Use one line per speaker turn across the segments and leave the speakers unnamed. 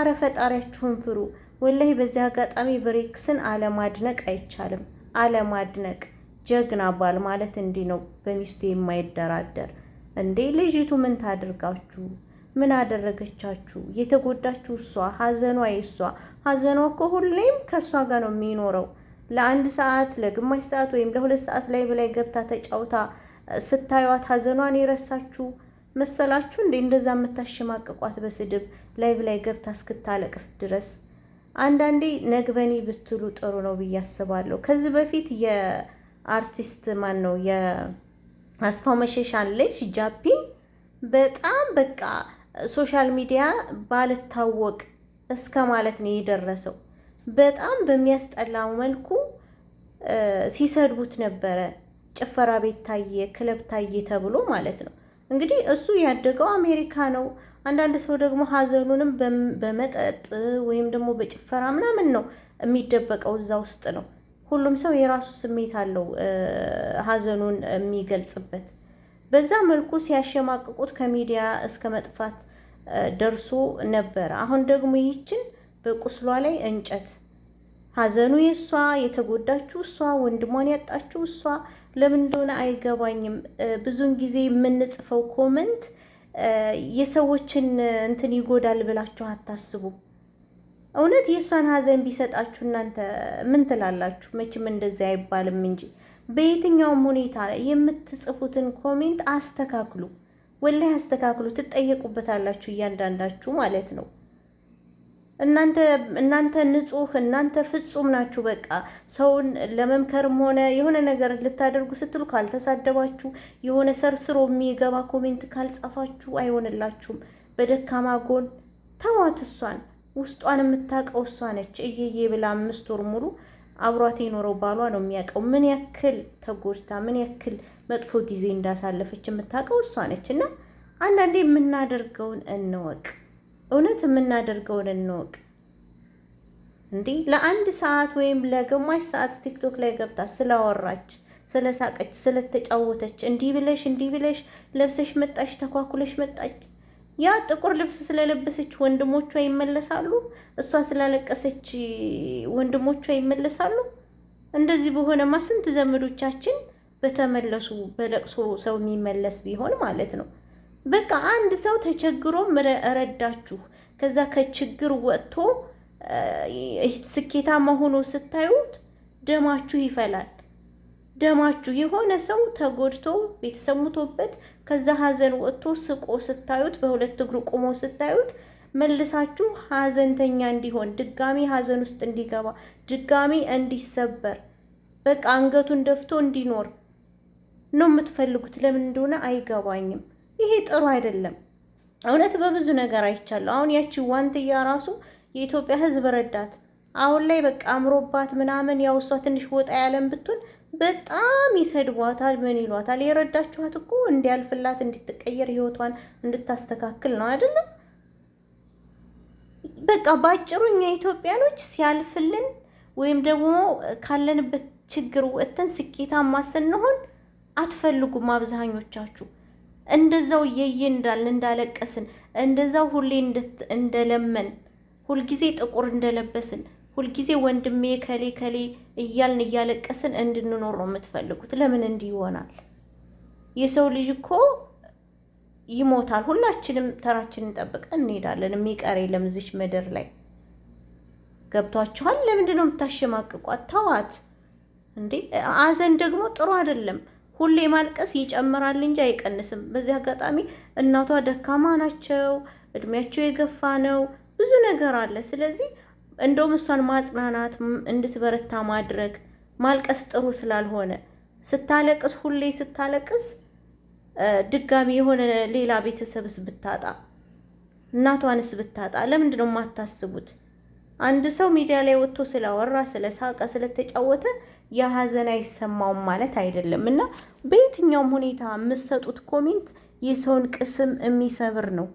አረ ፈጣሪያችሁን ፍሩ። ወላይ በዚህ አጋጣሚ ብሬክስን አለማድነቅ አይቻልም። አለማድነቅ ጀግና ባል ማለት እንዲህ ነው፣ በሚስቱ የማይደራደር እንዴ! ልጅቱ ምን ታደርጋችሁ? ምን አደረገቻችሁ? የተጎዳችሁ እሷ፣ ሀዘኗ የእሷ ሀዘኗ እኮ ሁሌም ከእሷ ጋር ነው የሚኖረው። ለአንድ ሰዓት ለግማሽ ሰዓት ወይም ለሁለት ሰዓት ላይ በላይ ገብታ ተጫውታ ስታዩት ሀዘኗን የረሳችሁ መሰላችሁ እንዴ እንደዛ የምታሸማቅቋት በስድብ ላይቭ ላይ ገብታ እስክታለቅስ ድረስ። አንዳንዴ ነግበኔ ብትሉ ጥሩ ነው ብዬ አስባለሁ። ከዚህ በፊት የአርቲስት ማን ነው የአስፋው መሸሻን ልጅ ጃፒ በጣም በቃ ሶሻል ሚዲያ ባልታወቅ እስከ ማለት ነው የደረሰው። በጣም በሚያስጠላው መልኩ ሲሰድቡት ነበረ። ጭፈራ ቤት ታየ፣ ክለብ ታየ ተብሎ ማለት ነው። እንግዲህ እሱ ያደገው አሜሪካ ነው። አንዳንድ ሰው ደግሞ ሀዘኑንም በመጠጥ ወይም ደግሞ በጭፈራ ምናምን ነው የሚደበቀው፣ እዛ ውስጥ ነው። ሁሉም ሰው የራሱ ስሜት አለው ሀዘኑን የሚገልጽበት። በዛ መልኩ ሲያሸማቅቁት ከሚዲያ እስከ መጥፋት ደርሶ ነበረ። አሁን ደግሞ ይችን በቁስሏ ላይ እንጨት ሀዘኑ የእሷ የተጎዳችው እሷ ወንድሟን ያጣችው እሷ ለምን እንደሆነ አይገባኝም። ብዙን ጊዜ የምንጽፈው ኮመንት የሰዎችን እንትን ይጎዳል ብላችሁ አታስቡ። እውነት የእሷን ሀዘን ቢሰጣችሁ እናንተ ምን ትላላችሁ? መቼም እንደዚያ አይባልም እንጂ በየትኛውም ሁኔታ የምትጽፉትን ኮሜንት አስተካክሉ። ወላይ አስተካክሉ። ትጠየቁበታላችሁ እያንዳንዳችሁ ማለት ነው። እናንተ እናንተ ንጹህ እናንተ ፍጹም ናችሁ። በቃ ሰውን ለመምከርም ሆነ የሆነ ነገር ልታደርጉ ስትሉ ካልተሳደባችሁ፣ የሆነ ሰርስሮ የሚገባ ኮሜንት ካልጻፋችሁ አይሆንላችሁም። በደካማ ጎን ተዋት። እሷን ውስጧን የምታውቀው እሷ ነች። እየዬ ብላ አምስት ወር ሙሉ አብሯት የኖረው ባሏ ነው የሚያውቀው። ምን ያክል ተጎድታ ምን ያክል መጥፎ ጊዜ እንዳሳለፈች የምታውቀው እሷ ነች። እና አንዳንዴ የምናደርገውን እንወቅ። እውነት የምናደርገውን እንወቅ። እንዲህ ለአንድ ሰዓት ወይም ለግማሽ ሰዓት ቲክቶክ ላይ ገብታ ስላወራች፣ ስለሳቀች፣ ስለተጫወተች እንዲህ ብለሽ እንዲህ ብለሽ ለብሰሽ መጣሽ፣ ተኳኩለሽ መጣች። ያ ጥቁር ልብስ ስለለበሰች ወንድሞቿ ይመለሳሉ። እሷ ስላለቀሰች ወንድሞቿ ይመለሳሉ። እንደዚህ በሆነማ ስንት ዘመዶቻችን በተመለሱ በለቅሶ ሰው የሚመለስ ቢሆን ማለት ነው። በቃ አንድ ሰው ተቸግሮ ረዳችሁ፣ ከዛ ከችግር ወጥቶ ስኬታማ ሆኖ ስታዩት ደማችሁ ይፈላል። ደማችሁ የሆነ ሰው ተጎድቶ ቤተሰብ ሞቶበት ከዛ ሀዘን ወጥቶ ስቆ ስታዩት፣ በሁለት እግሩ ቁሞ ስታዩት መልሳችሁ ሀዘንተኛ እንዲሆን ድጋሚ ሀዘን ውስጥ እንዲገባ ድጋሚ እንዲሰበር በቃ አንገቱን ደፍቶ እንዲኖር ነው የምትፈልጉት። ለምን እንደሆነ አይገባኝም። ይሄ ጥሩ አይደለም። እውነት በብዙ ነገር አይቻለሁ። አሁን ያቺ ዋንትያ ራሱ የኢትዮጵያ ሕዝብ ረዳት አሁን ላይ በቃ አምሮባት ምናምን ያው እሷ ትንሽ ወጣ ያለን ብትሆን በጣም ይሰድቧታል። ምን ይሏታል? የረዳችኋት እኮ እንዲያልፍላት እንድትቀየር ህይወቷን እንድታስተካክል ነው አይደለም? በቃ ባጭሩ እኛ ኢትዮጵያኖች ሲያልፍልን ወይም ደግሞ ካለንበት ችግር ወጥተን ስኬታማ ስንሆን አትፈልጉም አብዛኞቻችሁ። እንደዛው እየየ እንዳልን እንዳለቀስን እንደዛው ሁሌ እንደለመን ሁልጊዜ ጥቁር እንደለበስን ሁልጊዜ ወንድሜ ከሌ ከሌ እያልን እያለቀስን እንድንኖር ነው የምትፈልጉት። ለምን እንዲህ ይሆናል? የሰው ልጅ እኮ ይሞታል። ሁላችንም ተራችንን ጠብቀን እንሄዳለን። የሚቀር የለም እዚች ምድር ላይ ገብቷችኋል? ለምንድን ነው የምታሸማቅቋት? ተዋት እንዴ! አዘን ደግሞ ጥሩ አይደለም። ሁሌ ማልቀስ ይጨምራል እንጂ አይቀንስም። በዚህ አጋጣሚ እናቷ ደካማ ናቸው፣ እድሜያቸው የገፋ ነው፣ ብዙ ነገር አለ። ስለዚህ እንደውም እሷን ማጽናናት፣ እንድትበረታ ማድረግ ማልቀስ ጥሩ ስላልሆነ ስታለቅስ ሁሌ ስታለቅስ ድጋሚ የሆነ ሌላ ቤተሰብስ ብታጣ እናቷንስ ብታጣ ለምንድን ነው የማታስቡት? አንድ ሰው ሚዲያ ላይ ወጥቶ ስላወራ ስለሳቀ ስለተጫወተ የሀዘን አይሰማውም ማለት አይደለም እና በየትኛውም ሁኔታ የምትሰጡት ኮሜንት የሰውን ቅስም የሚሰብር ነው።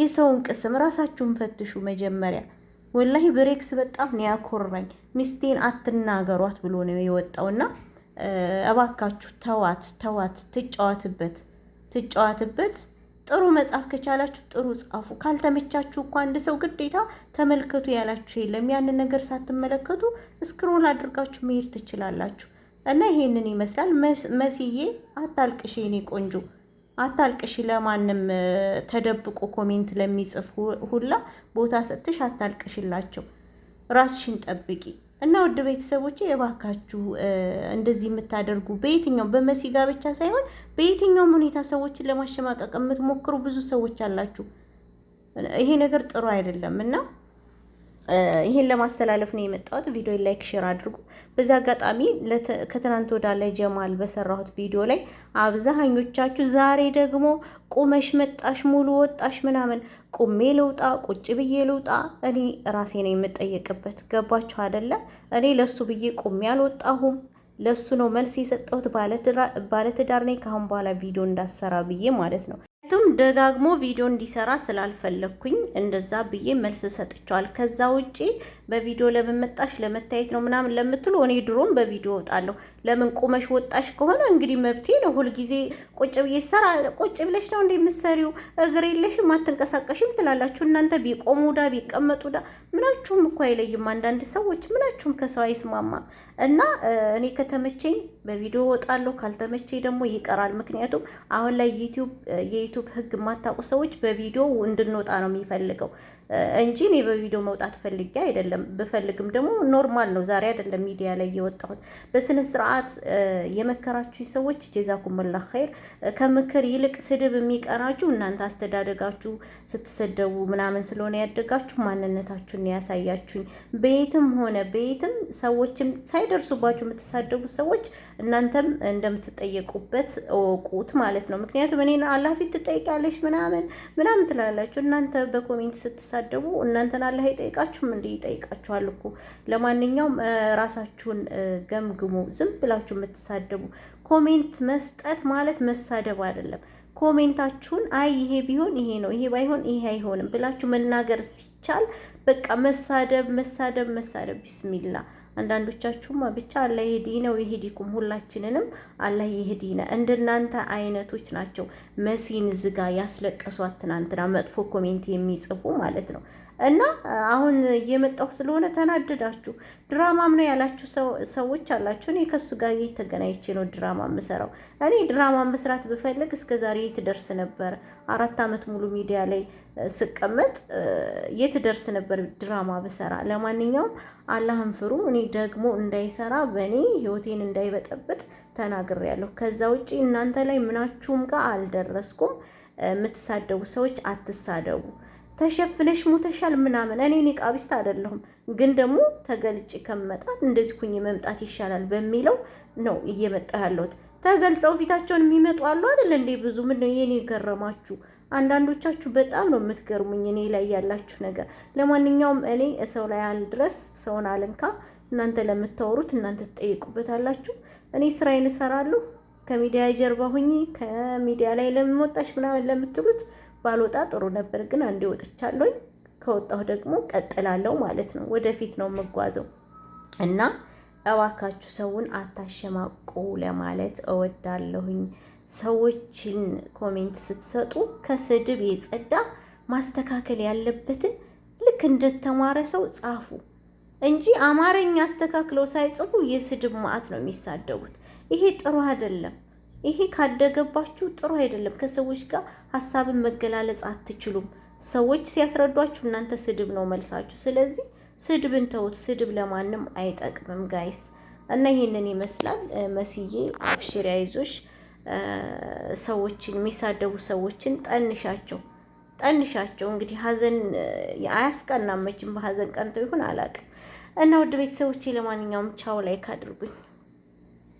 የሰውን ቅስም ራሳችሁን ፈትሹ መጀመሪያ። ወላሂ ብሬክስ በጣም ነው ያኮራኝ። ሚስቴን አትናገሯት ብሎ ነው የወጣውና እባካችሁ ተዋት ተዋት፣ ትጫዋትበት ትጫዋትበት ጥሩ መጻፍ ከቻላችሁ ጥሩ ጻፉ። ካልተመቻችሁ እኮ አንድ ሰው ግዴታ ተመልከቱ ያላችሁ የለም። ያንን ነገር ሳትመለከቱ እስክሮል አድርጋችሁ መሄድ ትችላላችሁ። እና ይሄንን ይመስላል። መስዬ አታልቅሽ የኔ ቆንጆ አታልቅሽ። ለማንም ተደብቆ ኮሜንት ለሚጽፍ ሁላ ቦታ ሰጥሽ አታልቅሽላቸው። ራስሽን ጠብቂ። እና ውድ ቤተሰቦቼ የባካችሁ እንደዚህ የምታደርጉ በየትኛው በመሲ ጋር ብቻ ሳይሆን በየትኛውም ሁኔታ ሰዎችን ለማሸማቀቅ የምትሞክሩ ብዙ ሰዎች አላችሁ። ይሄ ነገር ጥሩ አይደለም እና ይሄን ለማስተላለፍ ነው የመጣሁት። ቪዲዮ ላይክ ሼር አድርጉ። በዛ አጋጣሚ ከትናንት ወዳ ጀማል በሰራሁት ቪዲዮ ላይ አብዛኞቻችሁ ዛሬ ደግሞ ቁመሽ መጣሽ ሙሉ ወጣሽ ምናምን፣ ቁሜ ልውጣ ቁጭ ብዬ ልውጣ፣ እኔ ራሴ ነው የምጠየቅበት። ገባችሁ አይደለ? እኔ ለሱ ብዬ ቁሜ አልወጣሁም። ለሱ ነው መልስ የሰጠሁት። ባለትዳር ነኝ ከአሁን በኋላ ቪዲዮ እንዳሰራ ብዬ ማለት ነው። ቱም ደጋግሞ ቪዲዮ እንዲሰራ ስላልፈለግኩኝ እንደዛ ብዬ መልስ ሰጥቸዋል። ከዛ ውጪ በቪዲዮ ለምን መጣሽ ለመታየት ነው ምናምን ለምትሉ እኔ ድሮም በቪዲዮ እወጣለሁ። ለምን ቁመሽ ወጣሽ ከሆነ እንግዲህ መብቴ ነው። ሁልጊዜ ቁጭ ብዬ ሰራ ቁጭ ብለሽ ነው እንደ የምትሰሪው እግር የለሽም አትንቀሳቀሽም ትላላችሁ እናንተ። ቢቆሙዳ ቢቀመጡዳ ምናችሁም እኮ አይለይም። አንዳንድ ሰዎች ምናችሁም ከሰው አይስማማ እና እኔ ከተመቸኝ በቪዲዮ እወጣለሁ፣ ካልተመቸኝ ደግሞ ይቀራል። ምክንያቱም አሁን ላይ ዩቲዩብ ህግ የማታውቁ ሰዎች በቪዲዮ እንድንወጣ ነው የሚፈልገው። እንጂ እኔ በቪዲዮ መውጣት ፈልጌ አይደለም። ብፈልግም ደግሞ ኖርማል ነው። ዛሬ አይደለም ሚዲያ ላይ የወጣሁት። በስነ ስርዓት የመከራችሁ ሰዎች ጀዛኩሙላ ኸይር። ከምክር ይልቅ ስድብ የሚቀናችሁ እናንተ አስተዳደጋችሁ ስትሰደቡ ምናምን ስለሆነ ያደጋችሁ ማንነታችሁን ያሳያችሁኝ። በየትም ሆነ በየትም ሰዎችም ሳይደርሱባችሁ የምትሳደቡ ሰዎች እናንተም እንደምትጠየቁበት እወቁት ማለት ነው። ምክንያቱም እኔን አላፊት ትጠይቂያለሽ ምናምን ምናምን ትላላችሁ እናንተ በኮሜንት ስትሳ የምትሳደቡ እናንተን አላህ ይጠይቃችሁም እንዲህ ይጠይቃችኋል እኮ። ለማንኛውም ራሳችሁን ገምግሙ። ዝም ብላችሁ የምትሳደቡ ኮሜንት መስጠት ማለት መሳደብ አይደለም። ኮሜንታችሁን አይ ይሄ ቢሆን ይሄ ነው፣ ይሄ ባይሆን ይሄ አይሆንም ብላችሁ መናገር ሲቻል በቃ መሳደብ መሳደብ መሳደብ ቢስሚላ አንዳንዶቻችሁማ ብቻ አላህ የህዲነ ወይህዲኩም ሁላችንንም አላህ ነው። እንደናንተ አይነቶች ናቸው። መሲን ዝጋ ያስለቀሷት ትናንትና መጥፎ ኮሜንት የሚጽፉ ማለት ነው። እና አሁን እየመጣሁ ስለሆነ ተናደዳችሁ። ድራማም ነው ያላችሁ ሰዎች አላችሁ። እኔ ከሱ ጋር የተገናኝቼ ነው ድራማ የምሰራው። እኔ ድራማ መስራት ብፈልግ እስከ ዛሬ የት ደርስ ነበር? አራት ዓመት ሙሉ ሚዲያ ላይ ስቀመጥ የት ደርስ ነበር ድራማ ብሰራ? ለማንኛውም አላህን ፍሩ። እኔ ደግሞ እንዳይሰራ በእኔ ህይወቴን እንዳይበጠብጥ ተናግሬያለሁ። ከዛ ውጪ እናንተ ላይ ምናችሁም ጋር አልደረስኩም። የምትሳደቡ ሰዎች አትሳደቡ። ተሸፍነሽ ሙተሻል ምናምን። እኔ ኒቃቢስት አይደለሁም፣ ግን ደግሞ ተገልጭ ከመጣ እንደዚህ ኩኝ መምጣት ይሻላል በሚለው ነው እየመጣ ያለሁት። ተገልጸው ፊታቸውን የሚመጡ አሉ አይደል እንዴ? ብዙ ምን ነው የኔ ገረማችሁ? አንዳንዶቻችሁ በጣም ነው የምትገርሙኝ፣ እኔ ላይ ያላችሁ ነገር። ለማንኛውም እኔ ሰው ላይ አልድረስ፣ ሰውን አልንካ። እናንተ ለምታወሩት እናንተ ትጠይቁበታላችሁ። እኔ ስራዬን እሰራለሁ። ከሚዲያ ጀርባ ሁኚ፣ ከሚዲያ ላይ ለምን ምናምን ለምትሉት ባልወጣ ጥሩ ነበር፣ ግን አንዴ ወጥቻለሁኝ። ከወጣሁ ደግሞ ቀጥላለሁ ማለት ነው። ወደፊት ነው የምጓዘው እና እባካችሁ ሰውን አታሸማቁ ለማለት እወዳለሁኝ። ሰዎችን ኮሜንት ስትሰጡ ከስድብ የጸዳ ማስተካከል ያለበትን ልክ እንደተማረ ሰው ጻፉ እንጂ አማርኛ አስተካክለው ሳይጽፉ የስድብ ማዕት ነው የሚሳደቡት። ይሄ ጥሩ አይደለም። ይሄ ካደገባችሁ ጥሩ አይደለም። ከሰዎች ጋር ሀሳብን መገላለጽ አትችሉም። ሰዎች ሲያስረዷችሁ እናንተ ስድብ ነው መልሳችሁ። ስለዚህ ስድብን ተውት። ስድብ ለማንም አይጠቅምም ጋይስ። እና ይህንን ይመስላል መስዬ። አብሽር ያይዞሽ። ሰዎችን የሚሳደቡ ሰዎችን ጠንሻቸው ጠንሻቸው። እንግዲህ ሀዘን አያስቀናመችም። በሀዘን ቀንተው ይሁን አላውቅም። እና ውድ ቤተሰቦቼ ለማንኛውም ቻው፣ ላይክ አድርጉኝ።